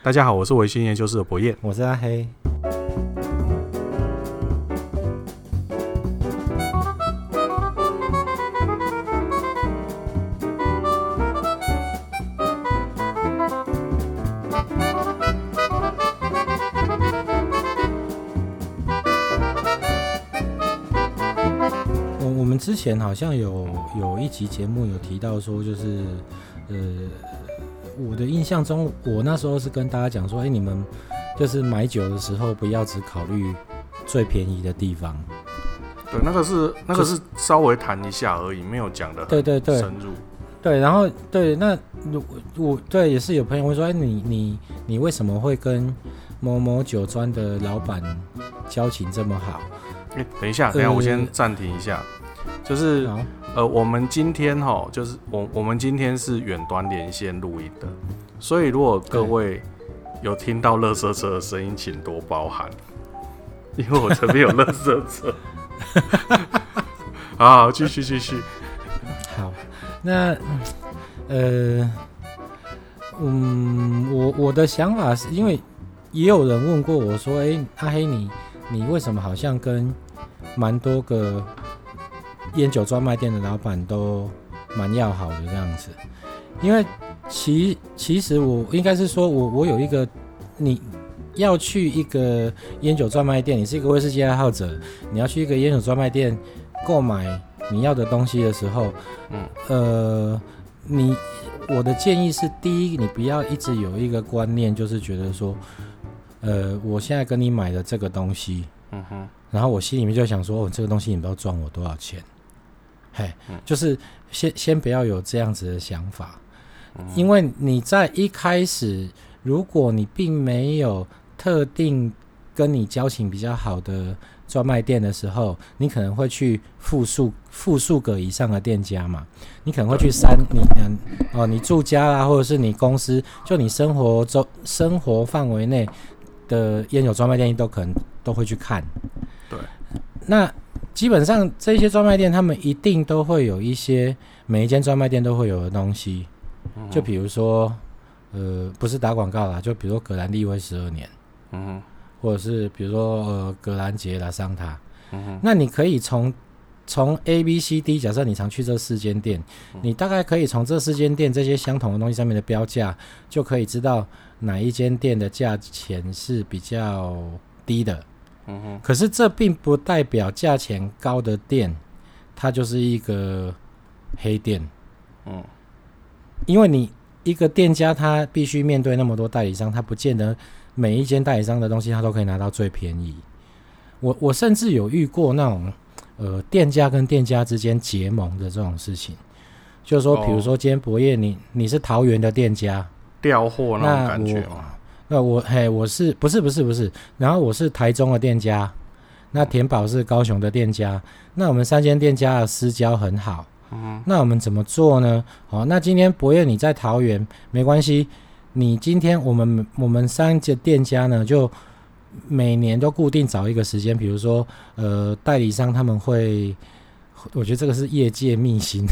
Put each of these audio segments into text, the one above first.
大家好，我是維新研究室的博彥，我是阿黑我。我我們之前好像有有一集節目有提到說，就是呃。我的印象中，我那時候是跟大家講說，哎、欸，你們就是買酒的時候不要只考慮最便宜的地方。對，那個是那個是稍微談一下而已，沒有講得很深入。對對對。對，然後對那我我對也是有朋友會說，哎、欸，你你你為什麼會跟某某酒莊的老闆交情這麼好、欸？等一下，等一下，呃、我先暫停一下，就是。呃，我們今天哈，就是我們我們今天是遠端連線錄音的，所以如果各位有聽到樂色車的聲音，請多包涵，對因為我這邊有樂色車。 好，好，繼續繼續。續好，那呃，嗯，我我的想法是因為也有人問過我說，哎、欸，阿黑你你為什麼好像跟蠻多個。煙酒專賣店的老闆都蠻要好的這樣子，因為其其實我應該是說我，我我有一個，你要去一個煙酒專賣店，你是一個威士忌愛好者，你要去一個煙酒專賣店購買你要的東西的時候，嗯，呃，你我的建議是，第一，你不要一直有一個觀念，就是覺得說，呃，我現在跟你買的這個東西，嗯哼，然後我心裡面就想說，哦，這個東西你不知道賺我多少錢。哎，hey, 嗯、就是先先不要有這樣子的想法，嗯、因為你在一開始，如果你並沒有特定跟你交情比較好的專賣店的時候，你可能會去複數、複數個以上的店家嘛，你可能會去刪對你嗯哦、呃、你住家啊，或者是你公司，就你生活中生活範圍內的菸酒專賣店都可能都會去看，對，那。基本上這些專賣店，他們一定都會有一些，每一間專賣店都會有的東西，就比如說，呃，不是打廣告啦，就比如說格蘭利威十二年，嗯哼，或者是比如說呃格蘭傑拉桑塔，嗯哼，那你可以從從 A B C D，假設你常去這四間店，你大概可以從這四間店這些相同的東西上面的標價，就可以知道哪一間店的價錢是比較低的。可是這並不代表價錢高的店，它就是一個黑店。嗯，因為你一個店家，他必須面對那麼多代理商，他不見得每一間代理商的東西，他都可以拿到最便宜。我我甚至有遇過那種，呃，店家跟店家之間結盟的這種事情，就是說，比如說今天博業你，你你是桃園的店家，調貨、哦、那種感覺。那我嘿，我是不是不是不是？然後我是台中的店家，那田寶是高雄的店家，那我們三間店家的私交很好。嗯哼，那我們怎麼做呢？好，那今天博業你在桃園沒關係，你今天我們我們三間店家呢，就每年都固定找一個時間，比如說呃，代理商他們會，我覺得這個是業界秘辛，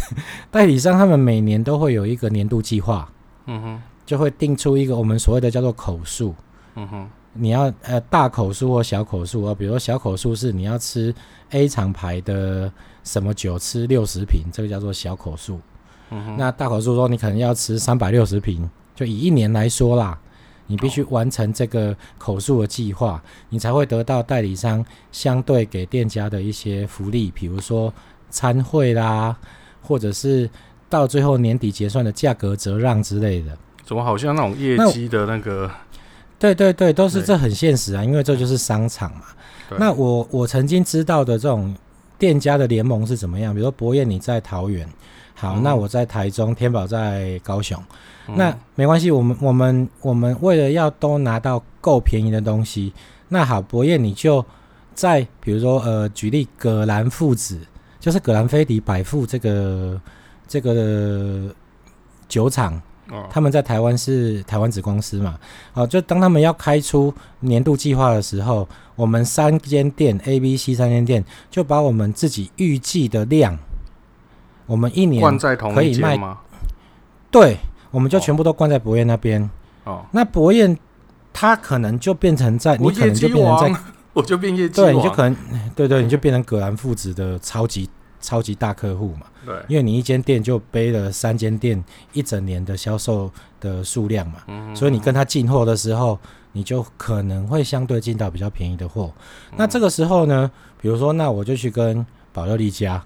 代理商他們每年都會有一個年度計劃。嗯哼。就會定出一個我們所謂的叫做口數，嗯哼，你要呃大口數或小口數啊，比如說小口數是你要吃 A 廠牌的什麼酒，吃六十瓶，這個叫做小口數。那大口數說你可能要吃三百六十瓶，就以一年來說啦，你必須完成這個口數的計劃，你才會得到代理商相對給店家的一些福利，比如說餐會啦，或者是到最後年底結算的價格折讓之類的。怎麼好像那種業績的那個那？對對對，都是這很現實啊，對因為這就是商場嘛。對那我我曾經知道的這種店家的聯盟是怎麼樣？比如說博彥你在桃園，好，嗯、那我在台中，天寶在高雄，嗯、那沒關係，我們我們我們為了要都拿到夠便宜的東西，那好，博彥你就在比如說呃，舉例葛蘭父子，就是葛蘭菲迪百富這個這個酒廠。他們在台灣是台灣子公司嘛？好、啊，就當他們要開出年度計劃的時候，我們三間店 A、B、C 三間店就把我們自己預計的量，我們一年可以賣嗎？對，我們就全部都關在博彥那邊。哦，那博彥他可能就變成在，你可能就變成在，我就變業績王，你就可能對，對對，你就變成葛蘭父子的超級超級大客戶嘛。對，因為你一間店就背了三間店一整年的銷售的數量嘛，嗯哼，嗯哼，所以你跟他進貨的時候，你就可能會相對進到比較便宜的貨。嗯、哼那這個時候呢，比如說，那我就去跟保樂力加，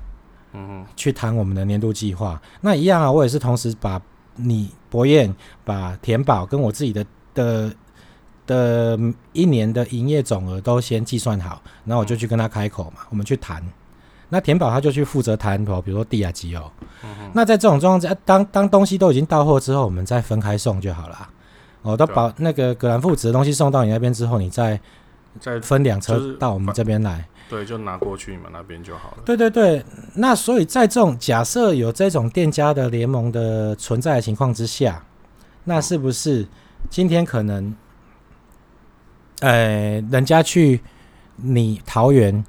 嗯哼，去談我們的年度計劃。那一樣啊，我也是同時把你博彥、把田寶跟我自己的的的一年的營業總額都先計算好，然後我就去跟他開口嘛，我們去談。那田寶他就去負責談，哦，比如說地亞基哦。嗯、哼那在這種狀況下，當當東西都已經到貨之後，我們再分開送就好了。我、哦、把那個格蘭父子的東西送到你那邊之後，你再再分兩車到我們這邊來。對，就拿過去你們那邊就好了。對對對，那所以在這種假設有這種店家的聯盟的存在的情況之下，那是不是今天可能，哎、嗯欸，人家去你桃園？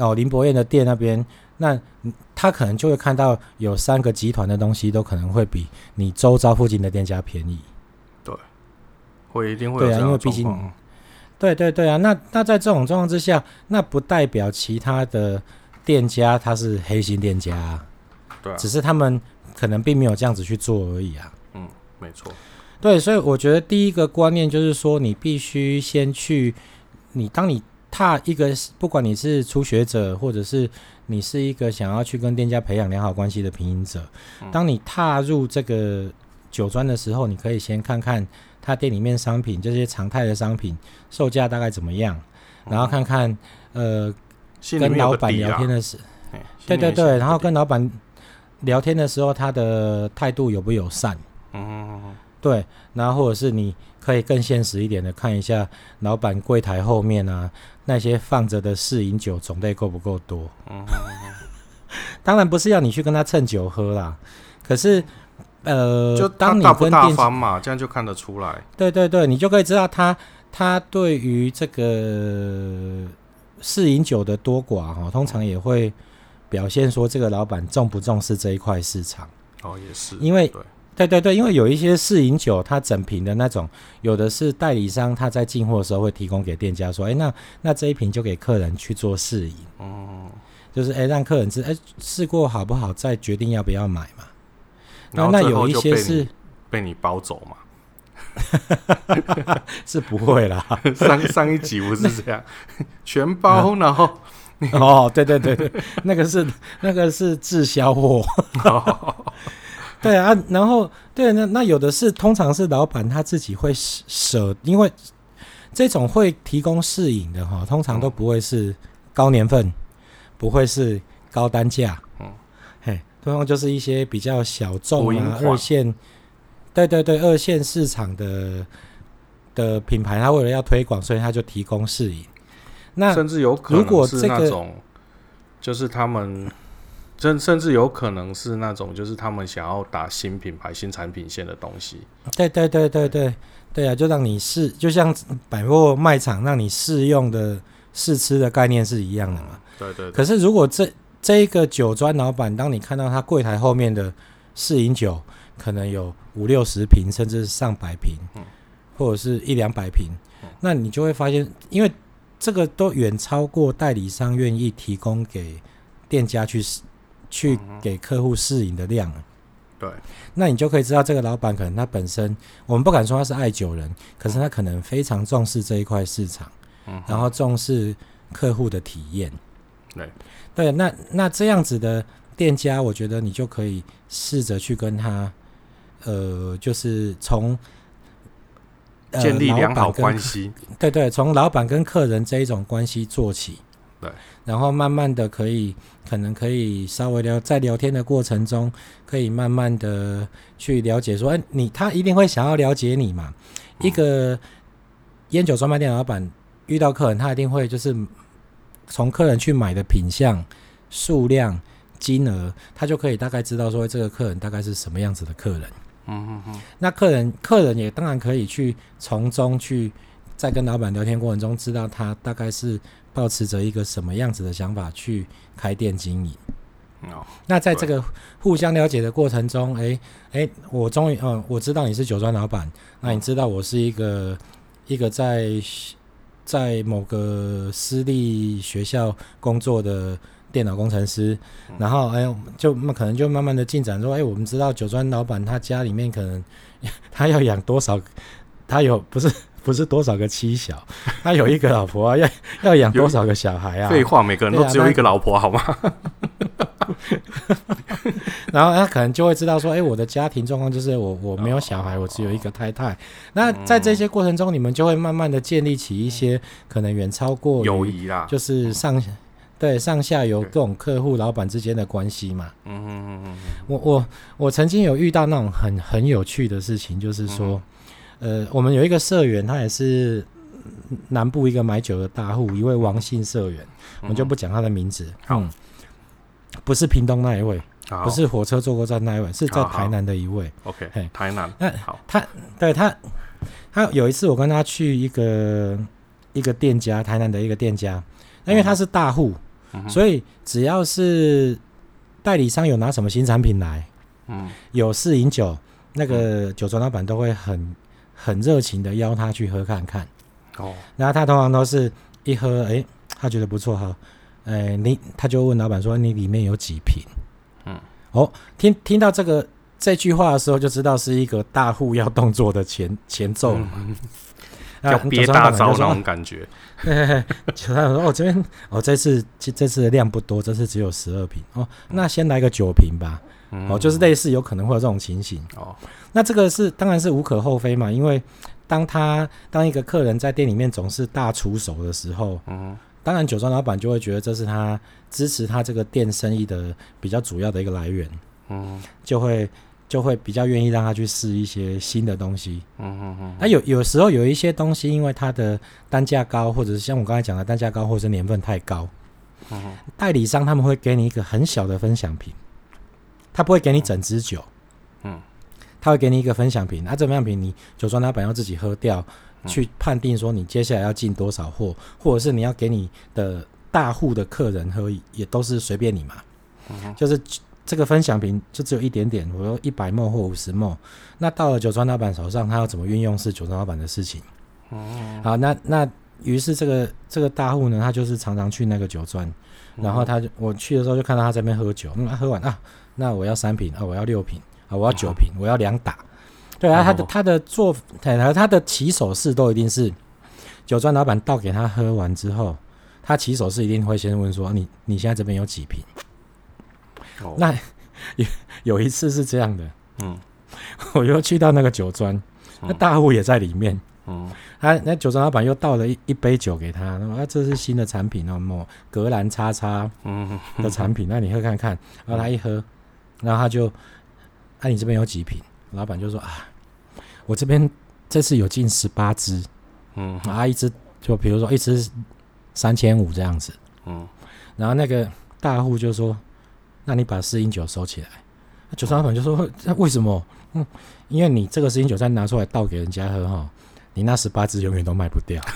哦，林博彥的店那邊，那他可能就會看到有三個集團的東西都可能會比你周遭附近的店家便宜，對，會一定會對啊，因為畢竟，啊、對對對啊，那那在這種狀況之下，那不代表其他的店家他是黑心店家，啊，對、啊，只是他們可能並沒有這樣子去做而已啊，嗯，沒錯，對，所以我覺得第一個觀念就是說，你必須先去，你當你。踏一個，不管你是初學者，或者是你是一個想要去跟店家培養良好關係的品飲者，當你踏入這個酒莊的時候，你可以先看看他店裡面商品，這些常態的商品售價大概怎麼樣，然後看看呃跟老板聊天的時，對對對，對，然後跟老板聊天的時候，他的態度友不友善，嗯，對，然後或者是你。可以更現實一點的看一下老闆櫃檯後面啊，那些放着的試飲酒種類夠不夠多？ 當然不是要你去跟他蹭酒喝啦。可是，呃，就當你大不大方嘛，這樣就看得出來。對對對，你就可以知道他他對於這個試飲酒的多寡哦、喔，通常也會表現說這個老闆重不重視這一塊市場。哦，也是，因為對。對對對，因為有一些試飲酒，他整瓶的那種，有的是代理商他在進貨的時候會提供給店家說：“哎，那那這一瓶就給客人去做試飲，哦，就是哎讓客人試，哎試過好不好再決定要不要買嘛。然後”然後那有一些是被你，被你包走嘛？ 是不會啦，上上一集不是這樣，那全包。然後、嗯、哦，對對對對， 那個是那個是滯銷貨。哦對啊，然後對那、啊、那有的是，通常是老闆他自己會捨，因為這種會提供試飲的哈，通常都不會是高年份，不會是高單價，嗯，嘿，通常就是一些比較小眾啊二線，對對對，二線市場的的品牌，他為了要推廣，所以他就提供試飲，那甚至有可能是那種，這個、就是他們。甚甚至有可能是那種，就是他們想要打新品牌，新產品線的東西。對對對對對對啊！就讓你試，就像百貨賣場讓你試用的試吃的概念是一樣的嘛？嗯、對，對對。可是如果這這個酒莊老闆，當你看到他櫃台後面的試飲酒，可能有五六十瓶，甚至上百瓶，嗯、或者是一兩百瓶，嗯、那你就會發現，因為這個都遠超過代理商願意提供給店家去試。去給客戶試飲的量，對，那你就可以知道這個老闆可能他本身，我們不敢說他是愛酒人，嗯、可是他可能非常重視這一塊市場，嗯哼，然後重視客戶的體驗，對，對，那那這樣子的店家，我覺得你就可以試着去跟他，呃，就是從、呃、建立良好關係，對對，對，從老闆跟客人這一種關係做起。對，然後慢慢的可以，可能可以稍微聊，在聊天的過程中，可以慢慢的去了解說，哎，你他一定會想要了解你嘛？一個菸酒專賣店老闆遇到客人，他一定會就是從客人去買的品項、數量、金額，他就可以大概知道說這個客人大概是什麼樣子的客人。嗯嗯嗯。嗯嗯那客人，客人也當然可以去從中去。在跟老板聊天過程中，知道他大概是抱持着一個什麼樣子的想法去開店經營。No, 那在這個互相了解的過程中，對誒誒，我終於哦、嗯，我知道你是酒莊老板，嗯、那你知道我是一個一個在在某個私立學校工作的電腦工程師。然後哎，就可能就慢慢的進展說，哎，我們知道酒莊老板他家裡面可能他要養多少，他有不是？不是多少個妻小，他有一個老婆啊， 有要要養多少個小孩啊？廢話，每個人都只有一個老婆，好嗎？啊、 然後他可能就會知道說，誒、欸，我的家庭狀況就是我我沒有小孩，哦、我只有一個太太。哦、那在這些過程中，嗯、你們就會慢慢的建立起一些可能遠超過友誼啦，就是上有、嗯、對上下游各種客戶、老闆之間的關係嘛。嗯嗯嗯嗯。嗯嗯嗯，我我我曾經有遇到那種很很有趣的事情，就是說。嗯呃，我們有一個社員，他也是南部一個買酒的大戶，一位王姓社員，我們就不講他的名字。嗯，嗯，不是屏東那一位，好好不是火車坐過站那一位，是在台南的一位。OK，嘿，台南，那、呃、好他對他，他有一次我跟他去一個一個店家，台南的一個店家，因為他是大戶，嗯、所以只要是代理商有拿什麼新產品來，嗯，有試飲酒，那個酒莊老闆都會很。很熱情的邀他去喝看看，哦，然後他通常都是一喝，哎、欸，他覺得不錯哈，哎、欸，你他就問老板說，你裡面有幾瓶？嗯，哦，聽聽到這個這句話的時候，就知道是一個大戶要動作的前前奏了嘛，嗯啊、要憋大招那種感覺。哦 欸、就他說，哦，這邊，我、哦、這次這次的量不多，這次只有十二瓶，哦，那先來個九瓶吧。哦，就是類似有可能會有這種情形哦。那這個是當然是無可厚非嘛，因為當他當一個客人在店裡面總是大出手的時候，嗯哼，當然酒莊老闆就會覺得這是他支持他這個店生意的比較主要的一個來源，嗯哼，就會就會比較願意讓他去試一些新的東西，嗯哼嗯嗯。那有有時候有一些東西，因為它的單價高，或者是像我剛才講的單價高，或者是年份太高，嗯、哼代理商他們會給你一個很小的分享品。他不會給你整支酒，嗯，嗯，他會給你一個分享瓶。那分享瓶，你酒莊老板要自己喝掉，嗯、去判定說你接下來要進多少貨，或者是你要給你的大戶的客人喝，也都是隨便你嘛。嗯、就是這個分享瓶就只有一點點，我說一百沫或五十沫。那到了酒莊老板手上，他要怎麼運用是酒莊老板的事情。哦，好，那那於是這個這個大戶呢，他就是常常去那個酒莊，然後他就、嗯、我去的時候就看到他在那邊喝酒，嗯，啊、喝完啊。那我要三瓶啊！我要六瓶啊！我要九瓶！啊、我要兩打。啊對啊，他的、啊、他的做，和他的起手式都一定是酒莊老板倒給他喝完之後，他起手式一定會先問說：“你你現在這邊有幾瓶？”哦、啊，那有有一次是這樣的，嗯， 我又去到那個酒莊，那大戶也在裡面，嗯，他、嗯啊、那酒莊老板又倒了一一杯酒給他，那麼、啊、這是新的產品哦，某格蘭叉叉嗯的產品，那你喝看看，嗯嗯、然後他一喝。然後他就，那、啊、你這邊有幾瓶？老闆就說啊，我這邊這次有進十八支，嗯啊哼，然後一支就比如說一支三千五這樣子，嗯。然後那個大戶就說，那你把四斤酒收起來。酒、啊、商老闆就說，那為什麼？嗯，因為你這個四斤酒再拿出來倒給人家喝哈、哦，你那十八支永遠都賣不掉。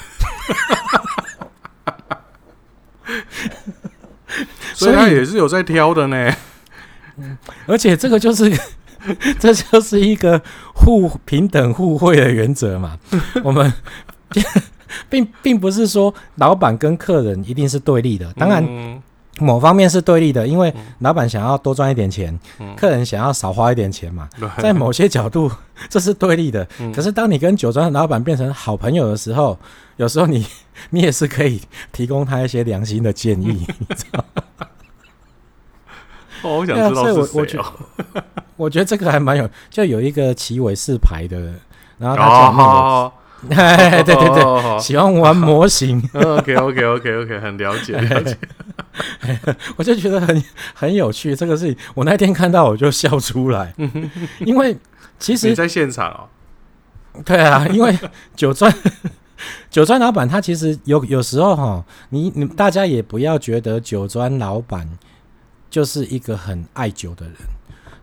所以他也是有在挑的呢以。 而且這個就是，這就是一個互平等互惠的原則嘛。我們並並不是說老闆跟客人一定是對立的，當然某方面是對立的，因為老闆想要多賺一點錢，客人想要少花一點錢嘛。在某些角度這是對立的。可是當你跟酒莊老闆變成好朋友的時候，有時候你你也是可以提供他一些良心的建議，你知道。好想知道是誰。我覺得這個還蠻有，就有一個奇偉四排的，然後他對對對，喜歡玩模型。OK OK OK OK，很了解，了解。我就覺得很很有趣，這個事情我那天看到我就笑出來，因為其實你在現場哦。對啊，因為酒莊酒莊老闆他其實有有時候哈，你你大家也不要覺得酒莊老闆。就是一個很愛酒的人。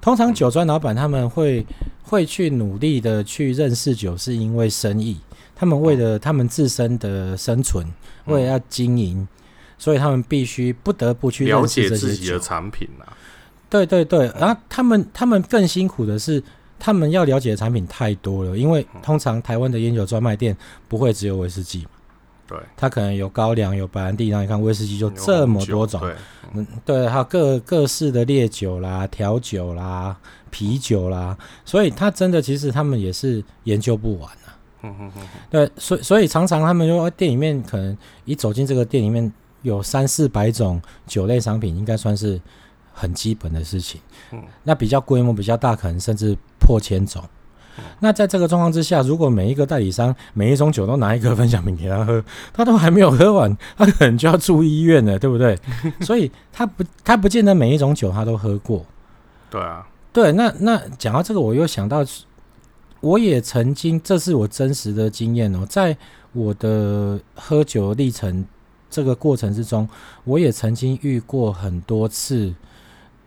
通常酒莊老闆他們會會去努力的去認識酒，是因為生意。他們為了他們自身的生存，嗯、為了要經營，所以他們必須不得不去認識酒，了解自己的產品啊，對對對，然後他們他們更辛苦的是，他們要了解的產品太多了，因為通常台灣的菸酒專賣店不會只有威士忌。他可能有高粱，有白蘭地，然後你看威士忌就這麼多種，對，還有、嗯、各各式的烈酒啦、調酒啦、啤酒啦，所以他真的其實他們也是研究不完嗯、啊、嗯嗯。嗯嗯嗯對，所以所以常常他們說店裡面可能一走進這個店裡面，有三四百種酒類商品，應該算是很基本的事情。嗯，那比較規模比較大，可能甚至破千種。那在這個狀況之下，如果每一個代理商每一種酒都拿一個分享品給他喝，他都還沒有喝完，他可能就要住醫院了，對不對？ 所以他不，他不見得每一種酒他都喝過。對啊，對，那那講到這個，我又想到，我也曾經，這是我真實的經驗哦、喔，在我的喝酒歷程這個過程之中，我也曾經遇過很多次。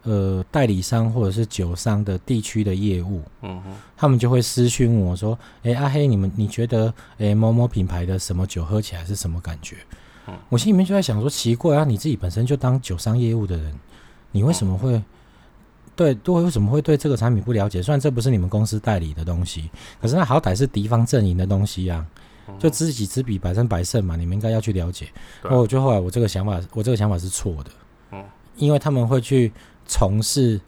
呃，代理商或者是酒商的地區的業務，嗯哼，他們就會私訊我說：“哎，阿黑，你們你覺得，哎，某某品牌的什麼酒喝起來是什麼感覺？”嗯哼，我心裡面就在想說：“奇怪啊，你自己本身就當酒商業務的人，你為什麼會，嗯哼，對都為什麼會對這個產品不了解？雖然這不是你們公司代理的東西，可是那好歹是敵方陣營的東西啊，就知己知彼，百戰百勝嘛，你們應該要去了解。嗯哼”那我就後來，我這個想法，我這個想法是錯的，嗯哼，因為他們會去。從事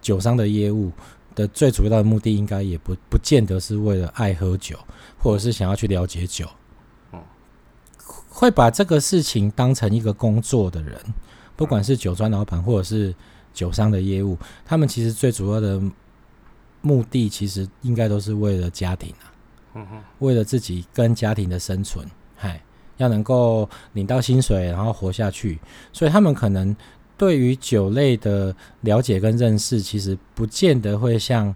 酒商的業務的最主要的目的，應該也不不見得是為了愛喝酒，或者是想要去了解酒。會把這個事情當成一個工作的人，不管是酒莊老闆或者是酒商的業務，他們其實最主要的目的，其實應該都是為了家庭啊，為了自己跟家庭的生存，嗨，要能夠領到薪水，然後活下去，所以他們可能。對於酒類的了解跟認識，其實不見得會像，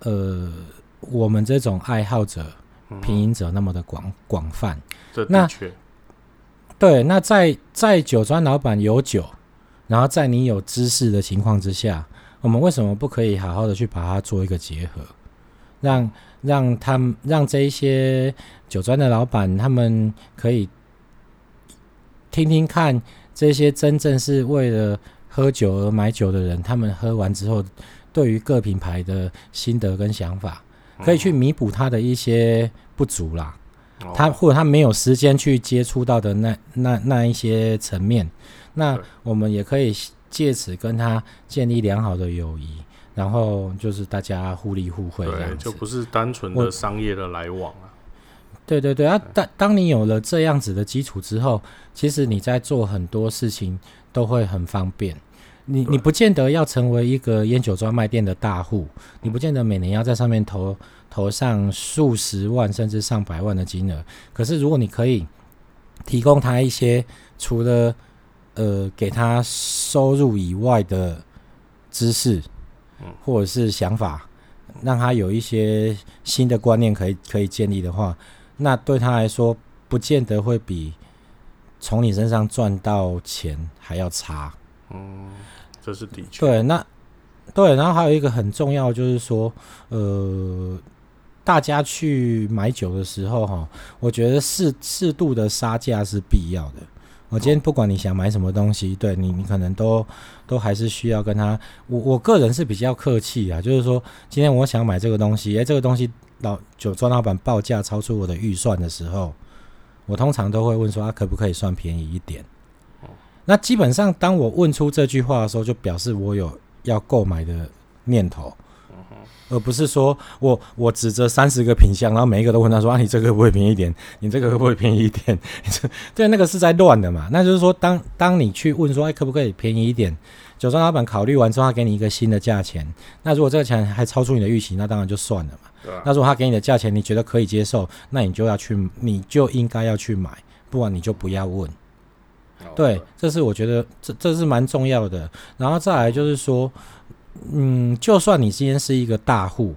呃，我們這種愛好者、品飲者那麼的廣廣泛。這的確，對，那在在酒莊老闆有酒，然後在你有知識的情況之下，我們為什麼不可以好好的去把它做一個結合，讓讓他們讓這一些酒莊的老闆他們可以聽聽看。這些真正是為了喝酒而買酒的人，他們喝完之後，對於各品牌的心得跟想法，可以去彌補他的一些不足啦。嗯。哦。他或者他沒有時間去接觸到的那那那一些層面，那我們也可以借此跟他建立良好的友誼，然後就是大家互利互惠，這樣。對，就不是單純的商業的來往。對對對啊！當當你有了這樣子的基礎之後，其實你在做很多事情，都會很方便。你你不見得要成為一個菸酒專賣店的大戶，你不見得每年要在上面投投上數十萬甚至上百萬的金額。可是，如果你可以提供他一些除了呃給他收入以外的知識，或者是想法，讓他有一些新的觀念可以可以建立的話。那對他來說，不見得會比從你身上賺到錢還要差。嗯，這是的確對。那對，然後還有一個很重要就是說，呃，大家去買酒的時候，哈，我覺得適適度的殺價是必要的。我、嗯、今天不管你想買什麼東西，對你，你可能都都還是需要跟他。我我個人是比較客氣啊，就是說，今天我想買這個東西，哎、欸，這個東西。老酒莊老闆報價超出我的預算的時候，我通常都會問說：“啊，可不可以算便宜一點？”那基本上當我問出這句話的時候，就表示我有要購買的念頭，嗯，而不是說我我指着三十個品相，然後每一個都問他說：“啊，你這個會不會便宜一點？你這個會不會便宜一點？”對，那個是在亂的嘛。那就是說，當當你去問說：“哎，可不可以便宜一點？”酒莊老闆考慮完之後，他給你一個新的價錢。那如果這個錢還超出你的預期，那當然就算了嘛。那如果他給你的價錢你覺得可以接受，那你就要去，你就應該要去買，不然你就不要問。對，這是我覺得這這是蠻重要的。然後再來就是說，嗯，就算你今天是一個大戶，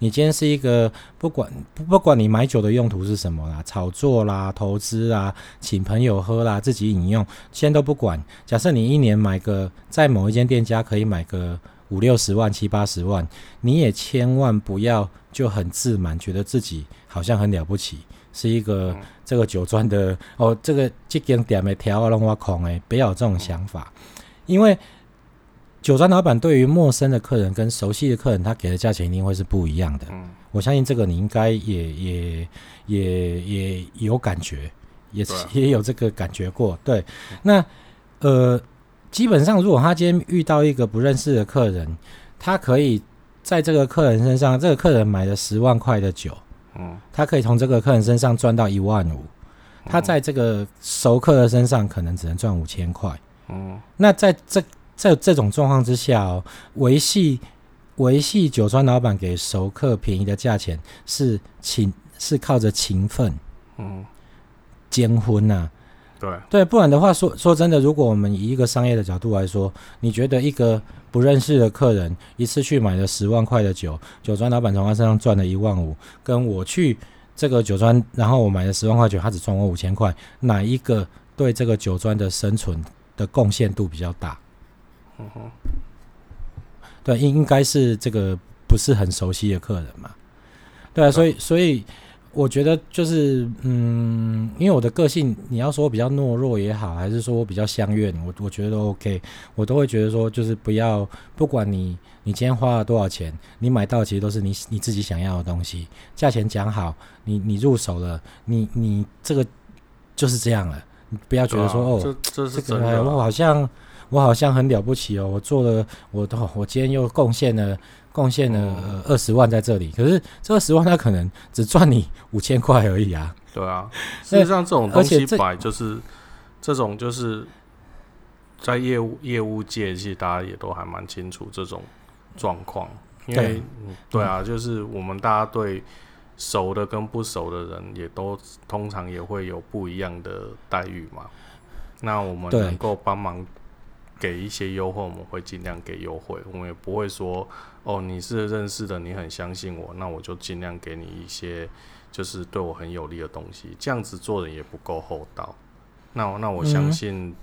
你今天是一個不管不管你買酒的用途是什麼啦，炒作啦、投資啊、請朋友喝啦、自己飲用，先都不管。假設你一年買個在某一間店家可以買個五六十萬、七八十萬，你也千萬不要。就很自滿，覺得自己好像很了不起，是一個這個酒莊的哦，這個這間店沒條啊，讓我狂哎，不要有這種想法。因為酒莊老闆對於陌生的客人跟熟悉的客人，他給的價錢一定會是不一樣的。我相信這個你應該也也也也有感覺，也、啊、也有這個感覺過。對，那呃，基本上如果他今天遇到一個不認識的客人，他可以。在這個客人身上，這個客人買了十萬塊的酒，嗯，他可以從這個客人身上賺到一萬五。他在這個熟客的身上可能只能賺五千塊，嗯。那在這在這種狀況之下哦，維繫維繫酒莊老闆給熟客便宜的價錢是情是靠着情分，嗯、啊，情分吶。對，不然的話，說說真的，如果我們以一個商業的角度來說，你覺得一個不認識的客人一次去買了十萬塊的酒，酒莊老闆從他身上賺了一萬五，跟我去這個酒莊，然後我買了十萬塊酒，他只賺我五千塊，哪一個對這個酒莊的生存的貢獻度比較大？對，應應該是這個不是很熟悉的客人嘛。對啊，所以所以。我覺得就是，嗯，因為我的個性，你要說我比較懦弱也好，還是說我比較相怨，我我覺得都 OK，我都會覺得說，就是不要，不管你你今天花了多少錢，你買到其實都是你你自己想要的東西，價錢講好，你你入手了，你你這個就是這樣了，你不要覺得說、啊、哦，這這個我好像我好像很了不起哦，我做了我都我今天又貢獻了。貢獻了二十萬在這裡，可是這二十萬他可能只賺你五千塊而已啊！對啊，事實上這種東西擺就是這，這種，就是在業務業務界，其實大家也都還蠻清楚這種狀況，因為對啊，對啊嗯、就是我們大家對熟的跟不熟的人也都通常也會有不一樣的待遇嘛。那我們能夠幫忙給一些優惠，我們會盡量給優惠，我們也不會說。哦，你是認識的，你很相信我，那我就盡量給你一些，就是對我很有利的東西。這樣子做人也不夠厚道。那那我相信，嗯、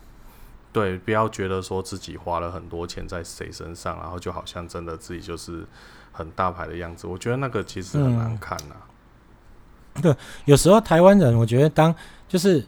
對，不要覺得說自己花了很多錢在誰身上，然後就好像真的自己就是很大牌的樣子。我覺得那個其實很難看吶、啊嗯。對，有時候台灣人，我覺得當就是，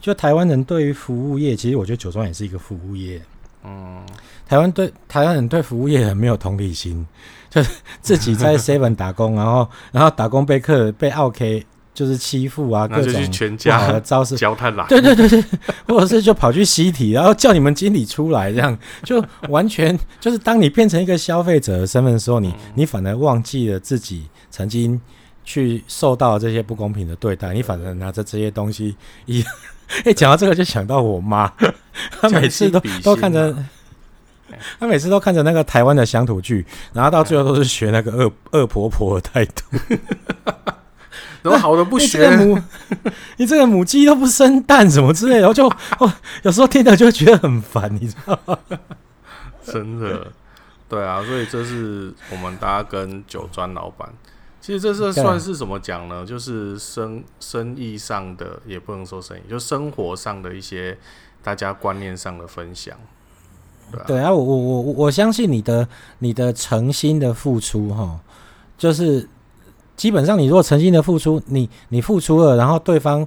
就台灣人對於服務業，其實我覺得酒莊也是一個服務業。嗯，台灣對台灣人對服務業很沒有同理心，就是自己在 seven 打工， 然後然後打工被客被奧客就是欺負啊，各種全家招式教他來，對對對對，或者是就跑去西體， 然後叫你們經理出來，這樣就完全 就是當你變成一個消費者的身份的時候，你、嗯、你反而忘記了自己曾經去受到這些不公平的對待，你反而拿着這些東西一。 哎，講、欸、到這個就想到我媽，她每次都都看着，她每次都看着那個台灣的鄉土劇，然後到最後都是學那個惡惡婆婆的態度，怎麼 好的不學？欸，這個、母你這個母雞都不生蛋，什麼之類的，然後就， 有時候聽到就會覺得很煩，你知道嗎？真的，對啊，所以這是我們大家跟酒莊老闆。其實這是算是怎麼講呢？啊、就是生生意上的，也不能說生意，就生活上的一些大家觀念上的分享，對啊，對啊，我我我我相信你的你的誠心的付出哈，就是基本上你如果誠心的付出，你你付出了，然後對方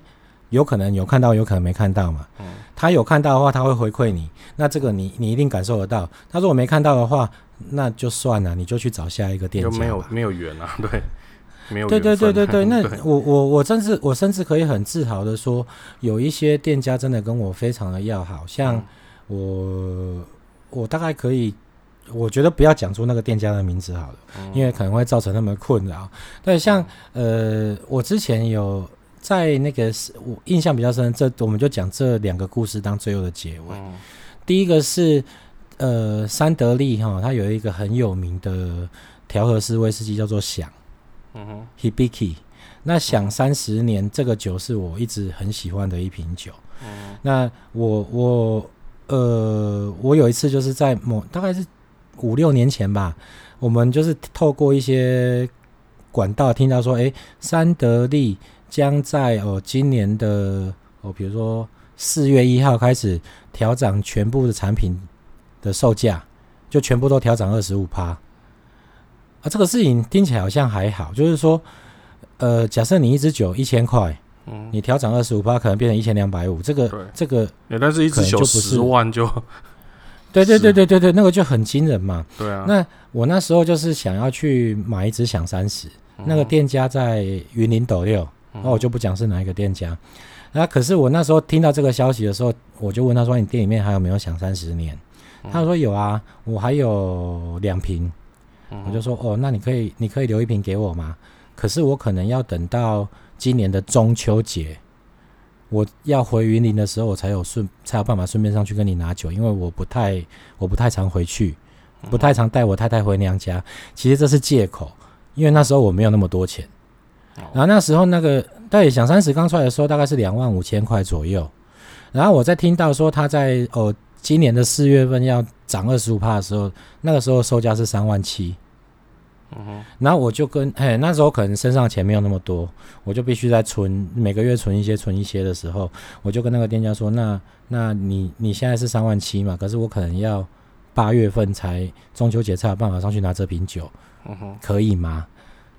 有可能有看到，有可能沒看到嘛。嗯、他有看到的話，他會回饋你，那這個你你一定感受得到。他如果沒看到的話，那就算了，你就去找下一個店家吧。沒有沒有緣啊，對。沒有對對對對對，呵呵，那我我我甚至我甚至可以很自豪的說，有一些店家真的跟我非常的要好，像我、嗯、我大概可以，我覺得不要講出那個店家的名字好了，嗯、因為可能會造成他們困擾。那像呃，我之前有在那個，我印象比較深，這我們就講這兩個故事當最後的結尾。嗯、第一個是呃，三得利哈，它、哦、有一個很有名的調和式威士忌叫做響。嗯哼 Hibiki 那想三十年這個酒是我一直很喜歡的一瓶酒。Uh huh. 那我我呃，我有一次就是在某大概是五六年前吧，我們就是透過一些管道聽到說，誒三得利將在哦、呃、今年的哦、呃，比如說四月一號開始調漲全部的產品的售價，就全部都調漲二十五趴。啊，這個事情聽起來好像還好，就是說，呃，假設你一支酒一千塊，嗯，你調漲二十五%，可能變成一千兩百五，這個，對這個，哎，但是一支酒十萬就是，對對對對對對，那個就很驚人嘛。對啊。那我那時候就是想要去買一支響三十、啊，那個店家在雲林斗六，那、嗯、哼我就不講是哪一個店家。嗯、哼那可是我那時候聽到這個消息的時候，我就問他說：“你店裡面還有沒有響三十年？”嗯、哼他說：“有啊，我還有兩瓶。”我就說哦，那你可以，你可以留一瓶給我嗎？可是我可能要等到今年的中秋節，我要回雲林的時候，我才有順才有辦法順便上去跟你拿酒，因為我不太我不太常回去，不太常帶我太太回娘家。其實這是借口，因為那時候我沒有那麼多錢。然後那時候那個對，響三十剛出來的時候大概是兩萬五千塊左右。然後我在聽到說他在哦今年的四月份要漲二十五趴的時候，那個時候售價是三萬七。嗯、哼，然後我就跟哎，那時候可能身上錢沒有那麼多，我就必須在存每個月存一些存一些的時候，我就跟那個店家說：“那那你你現在是三萬七嘛？可是我可能要八月份才中秋節才有辦法上去拿這瓶酒，嗯、哼可以嗎？”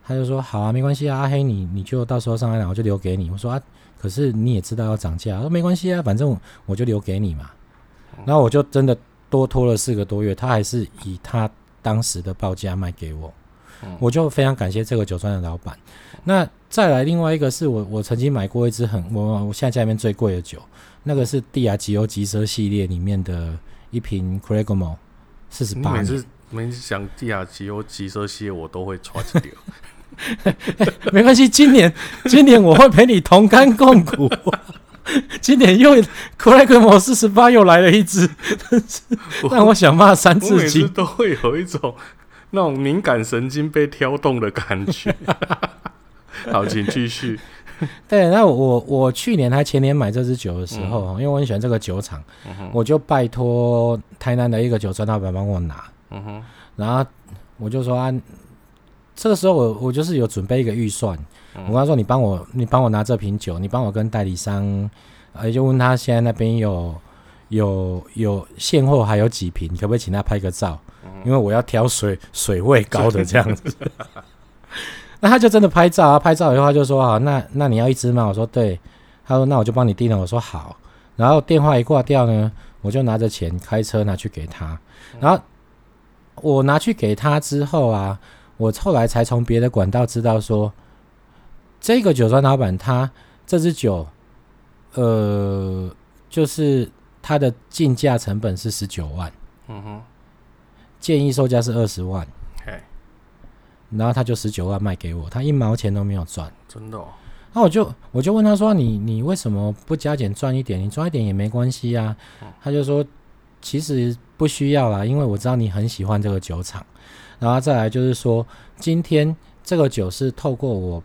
他就說：“好啊，沒關係啊，啊、阿黑，你你就到時候上來拿，我就留給你。”我說：“啊，可是你也知道要漲價。”他說：“沒關係啊，反正我就留給你嘛。”然後我就真的多拖了四個多月，他還是以他當時的報價賣給我。嗯、我就非常感謝這個酒莊的老闆。嗯、那再來另外一個是我，我曾經買過一支很我我現在家裡面最貴的酒，那個是帝亞吉歐吉奢系列裡面的一瓶 Cragmo 四十八。你每次每次講帝亞吉歐吉奢系列，我都會穿掉 沒關係，今年今年我會陪你同甘共苦。 今年又 Cragmo 四十八又來了一支，但是讓我，我想罵三字經。我每次都會有一種。那種敏感神經被挑動的感覺。 好，請繼續。 對，那我我去年還前年買這支酒的時候，嗯、因為我很喜歡這個酒廠，嗯、哼我就拜托台南的一個酒莊老闆幫我拿。嗯、哼然後我就說啊，這個時候我我就是有準備一個預算，嗯、我跟他說你幫我你幫我拿這瓶酒，你幫我跟代理商，呃，就問他現在那邊有有有現貨，還有幾瓶，你可不可以請他拍個照？因為我要挑水水位高的這樣子， 那他就真的拍照啊！拍照以後他就說啊，那那你要一支嗎？我說對。他說那我就幫你訂了。我說好。然後電話一掛掉呢，我就拿着錢開車拿去給他。嗯、然後我拿去給他之後啊，我後來才從別的管道知道說，這個酒莊老闆他這支酒，呃，就是它的進價成本是十九萬。嗯哼。建議售價是二十萬，然後他就十九萬賣給我，他一毛錢都沒有賺，真的。那我就我就問他說：“你你為什麼不加減賺一點？你賺一點也沒關係呀。”他就說：“其實不需要啦，因為我知道你很喜歡這個酒廠。然後再來就是說，今天這個酒是透過我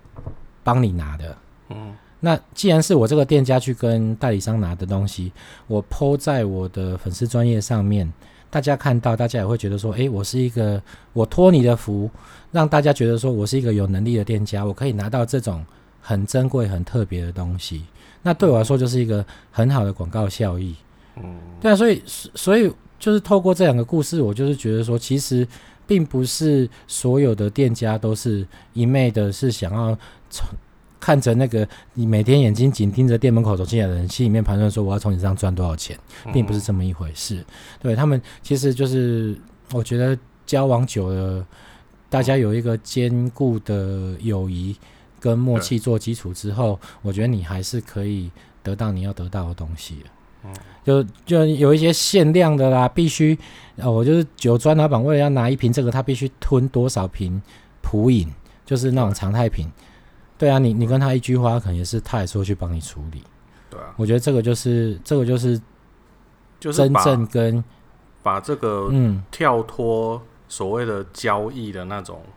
幫你拿的，嗯，那既然是我這個店家去跟代理商拿的東西，我 PO 在我的粉絲專頁上面。”大家看到，大家也會覺得說：“欸，我是一個，我托你的福，讓大家覺得說我是一個有能力的店家，我可以拿到這種很珍貴、很特別的東西。”那對我來說，就是一個很好的廣告效益。嗯，對啊，所以所以就是透過這兩個故事，我就是覺得說，其實並不是所有的店家都是一味的是想要從。看着那個你每天眼睛緊盯着店門口走進來的人，心裡面盤算說我要從你身上賺多少錢，並不是這麼一回事。對他們，其實就是我覺得交往久了，大家有一個堅固的友誼跟默契做基礎之後，我覺得你還是可以得到你要得到的東西。嗯，就就有一些限量的啦，必須呃，我就是酒莊老板，為了要拿一瓶這個，他必須吞多少瓶普飲，就是那種常態品。對啊，你你跟他一句話，可能也是他也說去幫你處理。對啊，我覺得這個就是這個就是，就是真正跟把，把這個跳脫所謂的交易的那種、嗯、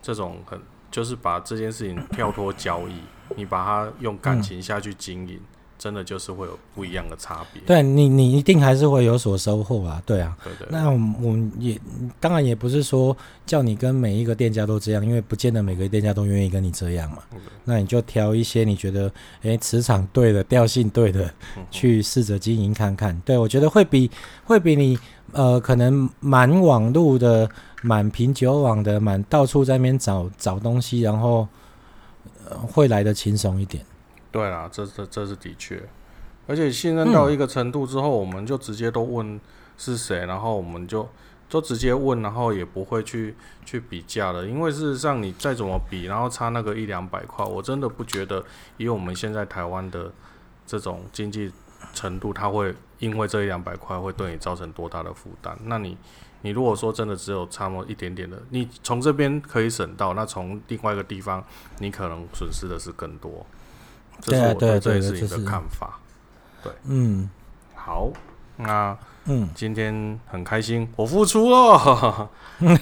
這種很，就是把這件事情跳脫交易，咳咳，你把它用感情下去經營。嗯。真的就是會有不一樣的差別。對你，你一定還是會有所收穫啊！對啊，對,對對，那我們,我們也當然也不是說叫你跟每一個店家都這樣，因為不見得每個店家都願意跟你這樣嘛。對那你就挑一些你覺得，哎、欸，磁場對的，調性對的，去試着經營看看。嗯、哼對我覺得會比會比你呃，可能滿網路的、滿品酒網的、滿到處在那邊找找東西，然後、呃、會來得輕鬆一點。對啦，這這這是的確，而且信任到一個程度之後，嗯、我們就直接都問是誰，然後我們就就直接問，然後也不會去去比價了，因為事實上你再怎麼比，然後差那個一兩百塊，我真的不覺得以我們現在台灣的這種經濟程度，它會因為這一兩百塊會對你造成多大的負擔。那你你如果說真的只有差那麼一點點的，你從這邊可以省到，那從另外一個地方你可能損失的是更多。這是我的對，對對對，的看法。就是、對，嗯，好，那嗯，今天很開心，我復出了。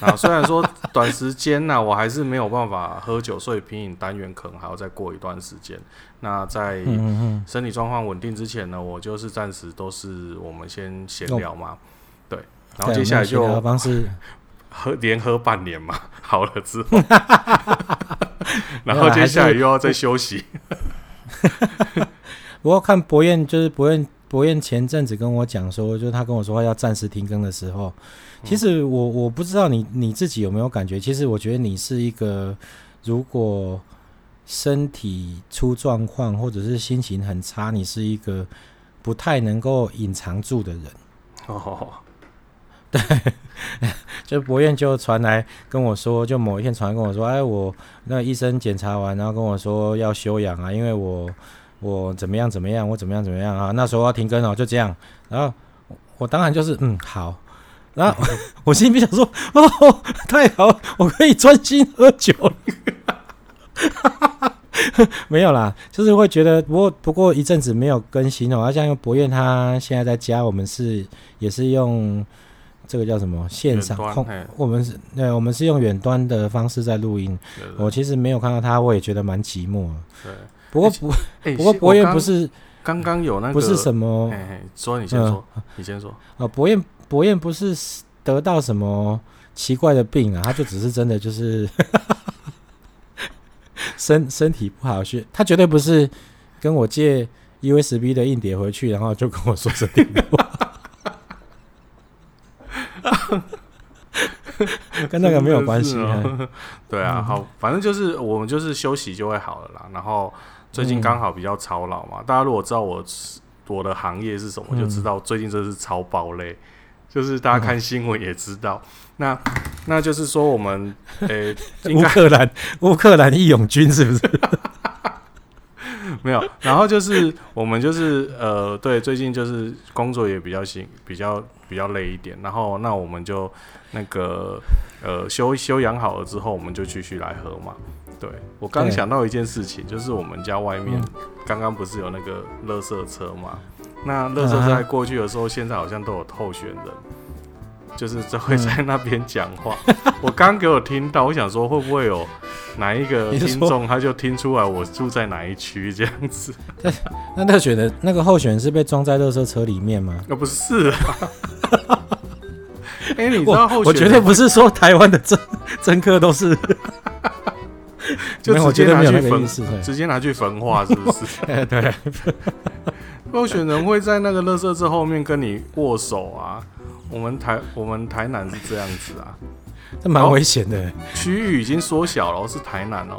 啊， 雖然說短時間呢、啊， 我還是沒有辦法喝酒，所以品飲單元可能還要再過一段時間。那在身體狀況穩定之前呢，我就是暫時都是我們先閒聊嘛。哦、對，然後接下來就喝 連喝半年嘛，好了之後， 然後接下來又要再休息。 我要看博彥，就是博彥，博彥前陣子跟我講說，就是、他跟我說話要暫時停更的時候，其實我我不知道你你自己有沒有感覺，其實我覺得你是一個，如果身體出狀況或者是心情很差，你是一個不太能夠隱藏住的人哦。好好。對，就博院就傳來跟我說，就某一天傳來跟我說，哎，我那個醫生檢查完，然後跟我說要休養啊，因為我我怎麼樣怎麼樣，我怎麼樣怎麼樣啊，那時候要停更哦，就這樣。然後我當然就是嗯，嗯，好，然後、嗯、我，我心裡邊想說哦，太好，我可以專心喝酒。 沒有啦，就是會覺得，不過不過一陣子沒有更新哦，好、啊、像博院他現在在家，我們是也是用。這個叫什麼線上控？我們是對，我們是用遠端的方式在錄音。我其實沒有看到他，我也覺得蠻寂寞、啊。對，對，不過不、欸，不過博彥不是剛剛有那個不是什麼？說你先說，嗯、你先說啊。博彥博彥不是得到什麼奇怪的病啊？他就只是真的就是 身身體不好，是，他絕對不是跟我借 U S B 的硬碟回去，然後就跟我說生病 跟那個沒有關係、欸啊、 對啊，好，反正就是我們就是休息就會好了啦。然後最近剛好比較操勞嘛，嗯、大家如果知道我我的行業是什麼，就知道最近這是超爆累。嗯、就是大家看新聞也知道。嗯、那，那就是說我們呃，烏克蘭烏克蘭義勇軍是不是？ 沒有，然後就是我們就是呃，對，最近就是工作也比較辛，比較比較累一點，然後那我們就那個呃休休養好了之後，我們就繼續來喝嘛。對我剛想到一件事情，對就是我們家外面、嗯、剛剛不是有那個垃圾車嘛，那垃圾車在過去的時候，啊啊現在好像都有候選人。就是就會在那邊講話。嗯、我剛給我聽到，我想說會不會有哪一個聽眾他就聽出來我住在哪一區這樣子？那那選的那個候選人是被裝在垃圾車裡面嗎？呃、不是啊。哎，你知道候選人我？我絕對不是說台灣的政客都是 就，就直接拿去焚化，直接拿去焚化，是不是？欸、對、啊。候選人會在那個垃圾車後面跟你握手啊。我們台我們台南是這樣子啊， 這蠻危險的區、哦、域已經縮小了，是台南哦。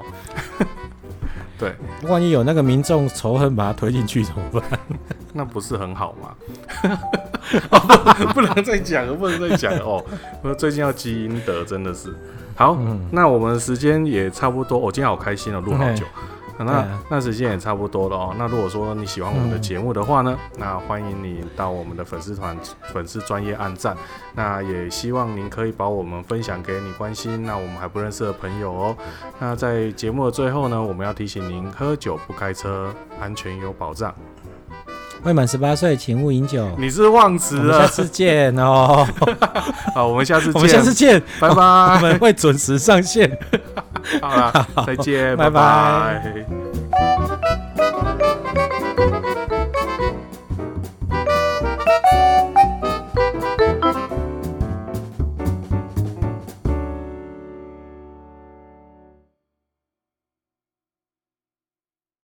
對，萬一有那個民眾仇恨把它推進去怎麼辦？ 那不是很好嗎？ 哦，不能再講，了，不能再講 哦。我說最近要積陰德，真的是好。嗯、那我們時間也差不多，我、哦、今天好開心哦，錄好久。嗯那、啊、那時間也差不多了哦。那如果說你喜歡我們的節目的話呢，嗯、那歡迎你到我們的粉絲團、粉絲專業按贊。那也希望您可以把我們分享給你關心、那我們還不認識的朋友哦。那在節目的最後呢，我們要提醒您：喝酒不開車，安全有保障。未滿十八歲，請勿飲酒。你是不是忘詞了？我們下次見哦。 好，我們下次見。我們下次見，拜拜。我，我們會準時上線。 好了，好，再見，好，拜拜。拜拜。